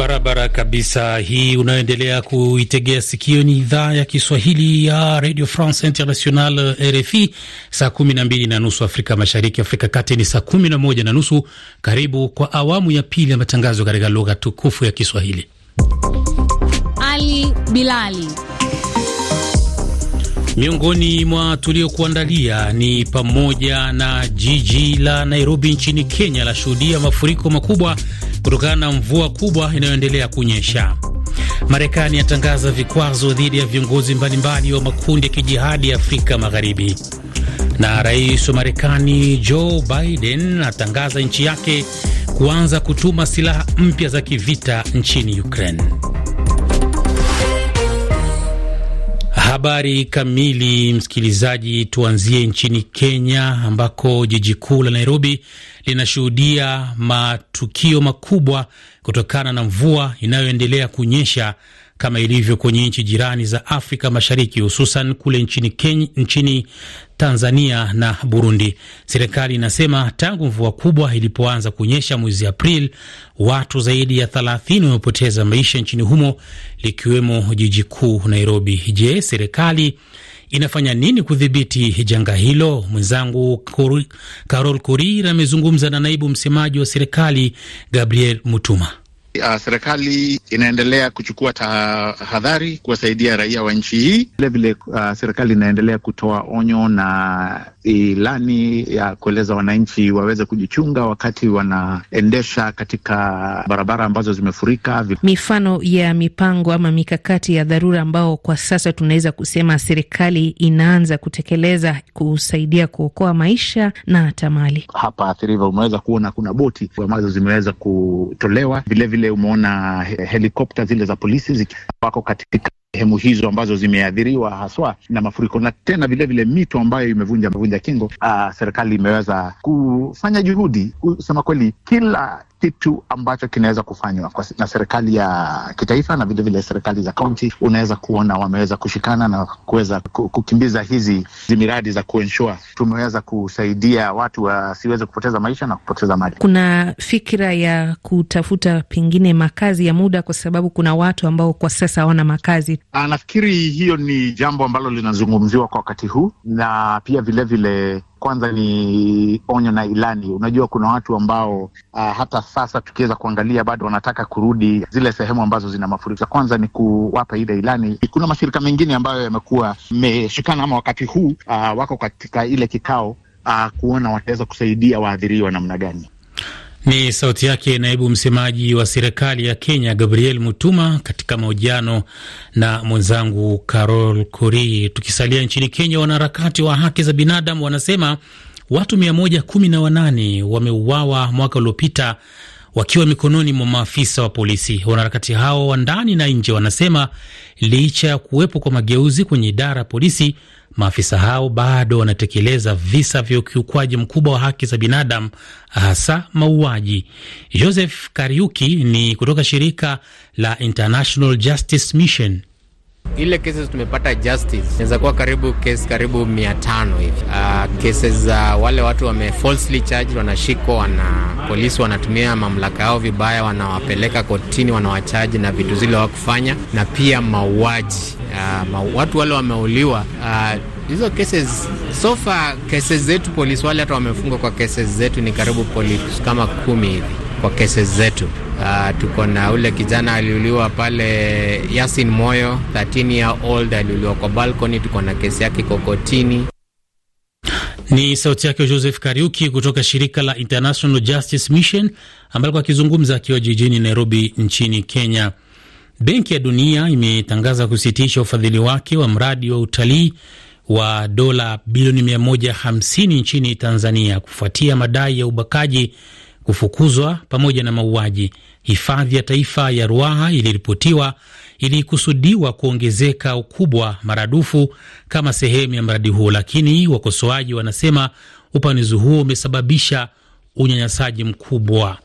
Barabara kabisa. Hii unayoendelea kuitegea sikio ni idhaa ya Kiswahili ya Radio France International, RFI. Saa kumi na mbili na nusu Afrika Mashariki, Afrika Kati ni saa kumi na moja na nusu. Karibu kwa awamu ya pili ya matangazo katika lugha tukufu ya Kiswahili. Ali Bilali miongoni mwa tuliokuandalia ni pamoja na jiji la Nairobi nchini Kenya lashuhudia mafuriko makubwa kutokana na mvua kubwa inayoendelea kunyesha. Marekani yatangaza vikwazo dhidi ya viongozi mbalimbali wa makundi ya kijihadi ya Afrika Magharibi. Na rais wa Marekani Joe Biden atangaza nchi yake kuanza kutuma silaha mpya za kivita nchini Ukraine. Habari kamili, msikilizaji. Tuanzie nchini Kenya ambako jiji kuu la Nairobi linashuhudia matukio makubwa kutokana na mvua inayoendelea kunyesha kama ilivyo kwenye nchi jirani za Afrika Mashariki, hususan kule nchini Kenya, nchini Tanzania na Burundi. Serikali inasema tangu mvua kubwa ilipoanza kunyesha mwezi Aprili, watu zaidi ya thelathini wamepoteza maisha nchini humo, likiwemo jiji kuu Nairobi. Je, serikali inafanya nini kudhibiti janga hilo? Mwenzangu Karol kurir amezungumza na naibu msemaji wa serikali Gabriel Mutuma. Uh, serikali inaendelea kuchukua tahadhari kuwasaidia raia wa nchi hii. Vilevile uh, serikali inaendelea kutoa onyo na ilani ya kueleza wananchi waweze kujichunga wakati wanaendesha katika barabara ambazo zimefurika. Mifano ya mipango ama mikakati ya dharura ambao kwa sasa tunaweza kusema serikali inaanza kutekeleza kusaidia kuokoa maisha na hata mali hapa Athiriva, umeweza kuona kuna boti ambazo zimeweza kutolewa vilevile vile umeona helikopta zile za polisi zikiwako katika sehemu hizo ambazo zimeathiriwa haswa na mafuriko na tena vilevile mito ambayo imevunja mevunja kingo. Aa, ah, serikali imeweza kufanya juhudi kusema kweli, kila kitu ambacho kinaweza kufanywa na serikali ya kitaifa na vilevile serikali za kaunti. Unaweza kuona wameweza kushikana na kuweza kukimbiza hizi miradi za kuenshua tumeweza kusaidia watu wasiweze kupoteza maisha na kupoteza mali. Kuna fikira ya kutafuta pengine makazi ya muda, kwa sababu kuna watu ambao kwa sasa hawana makazi. Ah, nafikiri hiyo ni jambo ambalo linazungumziwa kwa wakati huu na pia vilevile vile kwanza ni onyo na ilani. Unajua, kuna watu ambao uh, hata sasa tukiweza kuangalia bado wanataka kurudi zile sehemu ambazo zina mafuriko. Kwanza ni kuwapa ile ilani. Kuna mashirika mengine ambayo yamekuwa meshikana ama wakati huu uh, wako katika ile kikao uh, kuona wataweza kusaidia waathiriwa namna gani. Ni sauti yake naibu msemaji wa serikali ya Kenya, Gabriel Mutuma, katika mahojiano na mwenzangu Carol Kori. Tukisalia nchini Kenya, wanaharakati wa haki za binadamu wanasema watu 118 wameuawa mwaka uliopita wakiwa mikononi mwa maafisa wa polisi. Wanaharakati hao wa ndani na nje wanasema licha ya kuwepo kwa mageuzi kwenye idara ya polisi, maafisa hao bado wanatekeleza visa vya ukiukwaji mkubwa wa haki za binadamu, hasa mauaji. Joseph Kariuki ni kutoka shirika la International Justice Mission ile kesi tumepata justice inaweza kuwa karibu kesi karibu mia tano hivi. Uh, ah, kesi za wale watu wame falsely charged wanashikwa, wana polisi wanatumia mamlaka yao vibaya, wanawapeleka kotini, wanawachaji na vitu zile wakufanya na pia mauaji uh, ah, ma, watu wale wameuliwa uh, hizo cases so far, cases zetu polisi wale hata wamefungwa kwa cases zetu ni karibu polisi kama kumi hivi kwa kesi zetu. Uh, tuko na ule kijana aliuliwa pale Yasin Moyo, 13 year old aliuliwa kwa balcony. Tuko na kesi yake kokotini. Ni sauti yake Joseph Kariuki kutoka shirika la International Justice Mission ambalo akizungumza akiwa jijini Nairobi nchini Kenya. Benki ya Dunia imetangaza kusitisha ufadhili wake wa mradi wa utalii wa dola bilioni 150 nchini Tanzania kufuatia madai ya ubakaji kufukuzwa pamoja na mauaji. Hifadhi ya Taifa ya Ruaha iliripotiwa ilikusudiwa kuongezeka ukubwa maradufu kama sehemu ya mradi huo, lakini wakosoaji wanasema upanuzi huo umesababisha unyanyasaji mkubwa.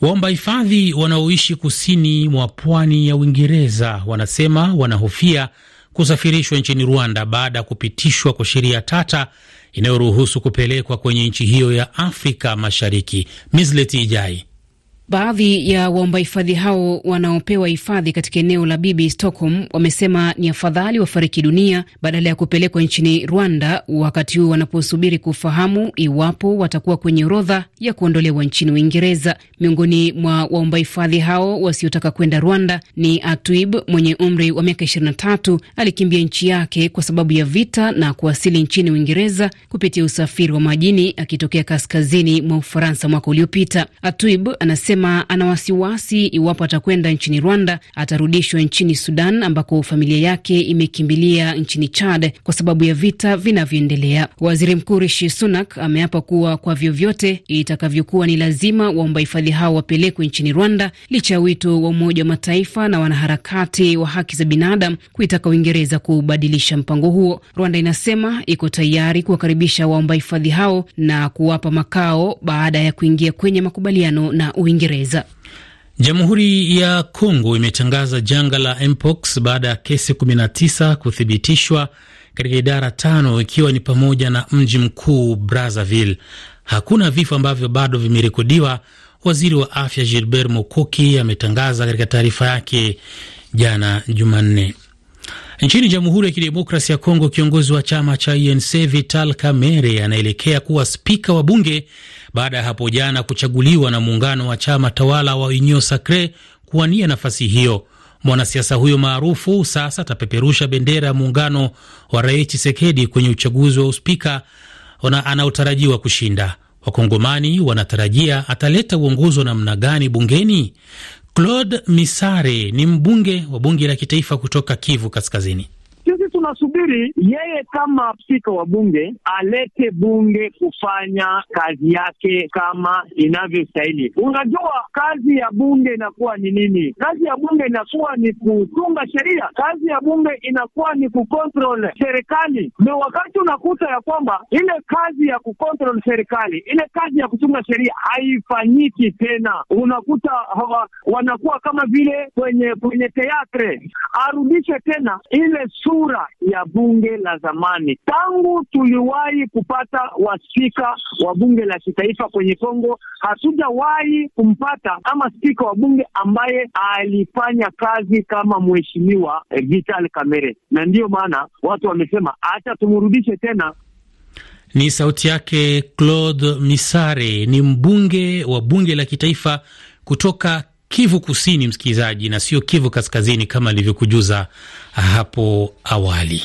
Waomba hifadhi wanaoishi kusini mwa pwani ya Uingereza wanasema wanahofia kusafirishwa nchini Rwanda baada ya kupitishwa kwa sheria tata inayoruhusu kupelekwa kwenye nchi hiyo ya Afrika Mashariki. Misleti Ijai Baadhi ya waomba hifadhi hao wanaopewa hifadhi katika eneo la Bibi Stockholm wamesema ni afadhali wafariki dunia badala ya kupelekwa nchini Rwanda, wakati huu wanaposubiri kufahamu iwapo watakuwa kwenye orodha ya kuondolewa nchini Uingereza. Miongoni mwa waomba hifadhi hao wasiotaka kwenda Rwanda ni Atwib mwenye umri wa miaka 23, alikimbia nchi yake kwa sababu ya vita na kuwasili nchini Uingereza kupitia usafiri wa majini akitokea kaskazini mwa Ufaransa mwaka uliopita. Atwib anasema amesema ana wasiwasi iwapo atakwenda nchini Rwanda atarudishwa nchini Sudan ambako familia yake imekimbilia nchini Chad kwa sababu ya vita vinavyoendelea. Waziri Mkuu Rishi Sunak ameapa kuwa kwa vyovyote itakavyokuwa ni lazima waomba hifadhi hao wapelekwe nchini Rwanda licha ya wito wa Umoja wa Mataifa na wanaharakati wa haki za binadamu kuitaka Uingereza kubadilisha mpango huo. Rwanda inasema iko tayari kuwakaribisha waomba hifadhi hao na kuwapa makao baada ya kuingia kwenye makubaliano na Uingereza. Uingereza. Jamhuri ya Kongo imetangaza janga la mpox baada ya kesi 19 kuthibitishwa katika idara tano ikiwa ni pamoja na mji mkuu Brazzaville. Hakuna vifo ambavyo bado vimerekodiwa, waziri wa afya Gilbert Mokoki ametangaza katika taarifa yake jana Jumanne. Nchini Jamhuri ya Kidemokrasi ya Kongo, kiongozi wa chama cha UNC Vital Kamerhe anaelekea kuwa spika wa bunge baada ya hapo jana kuchaguliwa na muungano wa chama tawala wa Union Sacre kuwania nafasi hiyo. Mwanasiasa huyo maarufu sasa atapeperusha bendera ya muungano wa Rais Chisekedi kwenye uchaguzi wa uspika anaotarajiwa kushinda. Wakongomani wanatarajia ataleta uongozi wa namna gani bungeni? Claude Misare ni mbunge wa bunge la kitaifa kutoka Kivu Kaskazini tunasubiri yeye kama spika wa bunge alete bunge kufanya kazi yake kama inavyostahili. Unajua kazi ya bunge inakuwa ni nini? Kazi ya bunge inakuwa ni kutunga sheria. Kazi ya bunge inakuwa ni kucontrol serikali, na wakati unakuta ya kwamba ile kazi ya kucontrol serikali, ile kazi ya kutunga sheria haifanyiki tena, unakuta hawa, wanakuwa kama vile kwenye kwenye teatre. Arudishe tena ile sura ya bunge la zamani. Tangu tuliwahi kupata waspika wa bunge la kitaifa kwenye Kongo, hatujawahi kumpata ama spika wa bunge ambaye alifanya kazi kama mheshimiwa eh, Vital Kamerhe, na ndiyo maana watu wamesema acha tumrudishe tena. Ni sauti yake Claude Misare, ni mbunge wa bunge la kitaifa kutoka Kivu Kusini, msikilizaji, na sio Kivu Kaskazini kama alivyokujuza ah, hapo awali.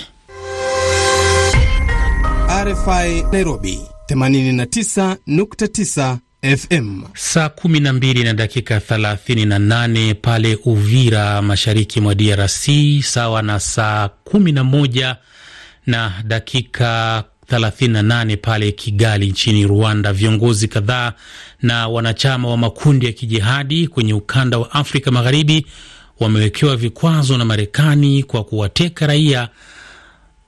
RFI Nairobi 89.9 FM. Saa 12 na dakika 38 pale Uvira, mashariki mwa DRC, sawa na saa 11 na dakika 38 pale Kigali nchini Rwanda. Viongozi kadhaa na wanachama wa makundi ya kijihadi kwenye ukanda wa Afrika Magharibi wamewekewa vikwazo na Marekani kwa kuwateka raia.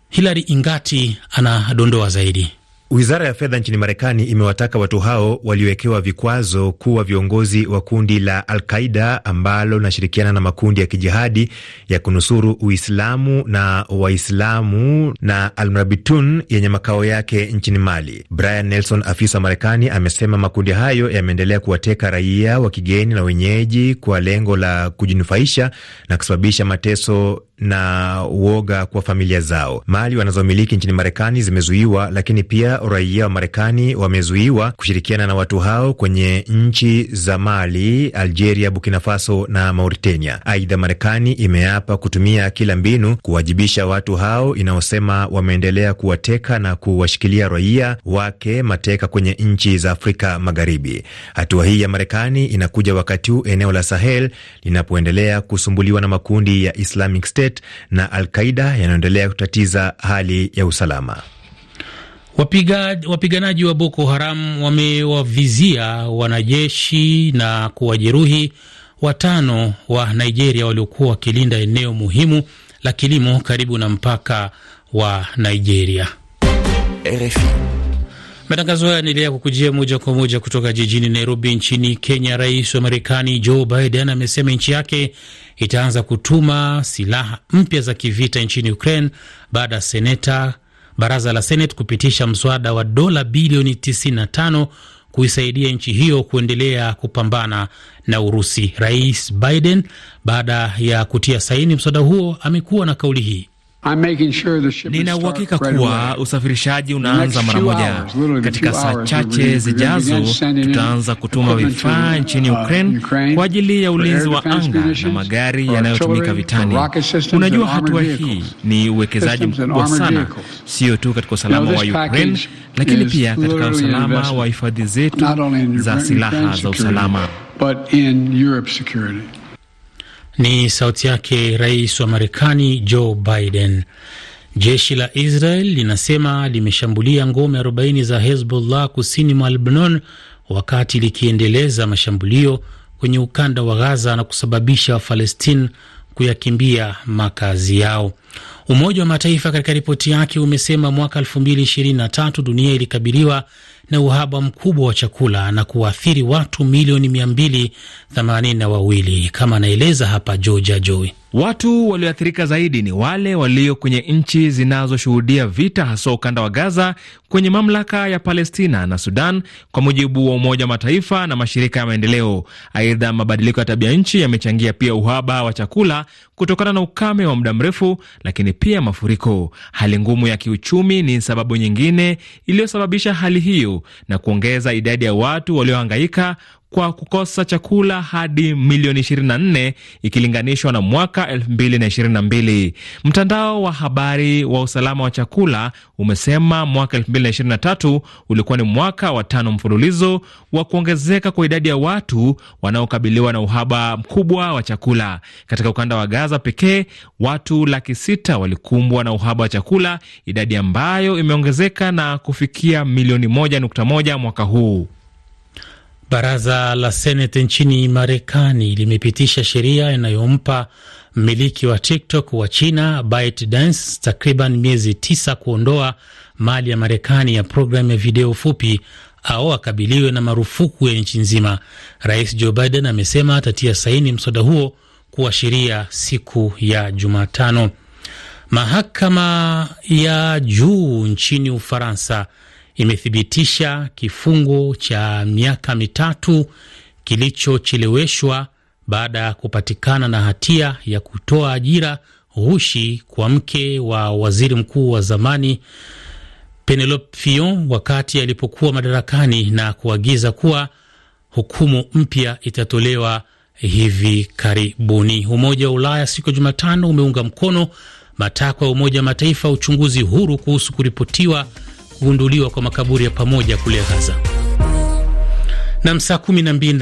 Hilary Ingati anadondoa zaidi. Wizara ya fedha nchini Marekani imewataka watu hao waliowekewa vikwazo kuwa viongozi wa kundi la Alqaida ambalo linashirikiana na makundi ya kijihadi ya kunusuru Uislamu na Waislamu na Almrabitun yenye makao yake nchini Mali. Brian Nelson, afisa wa Marekani, amesema makundi hayo yameendelea kuwateka raia wa kigeni na wenyeji kwa lengo la kujinufaisha na kusababisha mateso na uoga kwa familia zao. Mali wanazomiliki nchini Marekani zimezuiwa, lakini pia raia wa Marekani wamezuiwa kushirikiana na watu hao kwenye nchi za Mali, Algeria, Burkina Faso na Mauritania. Aidha, Marekani imeapa kutumia kila mbinu kuwajibisha watu hao inaosema wameendelea kuwateka na kuwashikilia raia wake mateka kwenye nchi za Afrika Magharibi. Hatua hii ya Marekani inakuja wakati huu eneo la Sahel linapoendelea kusumbuliwa na makundi ya Islamic State State na Al-Qaida yanayoendelea kutatiza hali ya usalama. Wapiga, wapiganaji wa Boko Haram wamewavizia wanajeshi na kuwajeruhi watano wa Nigeria waliokuwa wakilinda eneo muhimu la kilimo karibu na mpaka wa Nigeria. RFI. Matangazo haya yanaendelea kukujia moja kwa moja kutoka jijini Nairobi nchini Kenya. Rais wa Marekani Joe Biden amesema nchi yake itaanza kutuma silaha mpya za kivita nchini Ukraine baada ya seneta baraza la Senate kupitisha mswada wa dola bilioni 95 kuisaidia nchi hiyo kuendelea kupambana na Urusi. Rais Biden baada ya kutia saini mswada huo amekuwa na kauli hii nina uhakika kuwa usafirishaji unaanza mara moja. Katika saa chache zijazo, tutaanza kutuma vifaa nchini uh, Ukraine kwa ajili ya ulinzi wa anga na magari yanayotumika vitani. Unajua, hatua hii ni uwekezaji mkubwa sana, sio tu katika usalama wa Ukraine, lakini pia katika usalama wa hifadhi zetu za silaha za usalama. Ni sauti yake rais wa Marekani Joe Biden. Jeshi la Israel linasema limeshambulia ngome 40 za Hezbollah kusini mwa Lebanon wakati likiendeleza mashambulio kwenye ukanda wa Gaza na kusababisha Wafalestini kuyakimbia makazi yao. Umoja wa Mataifa katika ripoti yake umesema mwaka 2023 dunia ilikabiliwa na uhaba mkubwa wa chakula na kuwaathiri watu milioni mia mbili themanini na wawili, kama anaeleza hapa Joja joi Watu walioathirika zaidi ni wale walio kwenye nchi zinazoshuhudia vita, haswa ukanda wa Gaza, kwenye mamlaka ya Palestina na Sudan, kwa mujibu wa Umoja wa Mataifa na mashirika ya maendeleo. Aidha, mabadiliko ya tabia nchi yamechangia pia uhaba wa chakula kutokana na ukame wa muda mrefu, lakini pia mafuriko. Hali ngumu ya kiuchumi ni sababu nyingine iliyosababisha hali hiyo na kuongeza idadi ya watu waliohangaika kwa kukosa chakula hadi milioni 24 ikilinganishwa na mwaka 2022. Mtandao wa habari wa usalama wa chakula umesema mwaka 2023 ulikuwa ni mwaka wa tano mfululizo wa kuongezeka kwa idadi ya watu wanaokabiliwa na uhaba mkubwa wa chakula. Katika ukanda wa Gaza pekee, watu laki sita walikumbwa na uhaba wa chakula, idadi ambayo imeongezeka na kufikia milioni 1.1 mwaka huu. Baraza la Seneti nchini Marekani limepitisha sheria inayompa mmiliki wa TikTok wa China ByteDance takriban miezi tisa kuondoa mali ya Marekani ya programu ya video fupi au akabiliwe na marufuku ya nchi nzima. Rais Joe Biden amesema atatia saini mswada huo kuwa sheria siku ya Jumatano. Mahakama ya juu nchini Ufaransa imethibitisha kifungo cha miaka mitatu kilichocheleweshwa baada ya kupatikana na hatia ya kutoa ajira ghushi kwa mke wa waziri mkuu wa zamani Penelope Fillon wakati alipokuwa madarakani na kuagiza kuwa hukumu mpya itatolewa hivi karibuni. Umoja wa Ulaya siku ya Jumatano umeunga mkono matakwa ya Umoja wa Mataifa uchunguzi huru kuhusu kuripotiwa kugunduliwa kwa makaburi ya pamoja kule Gaza. Na saa kumi na mbili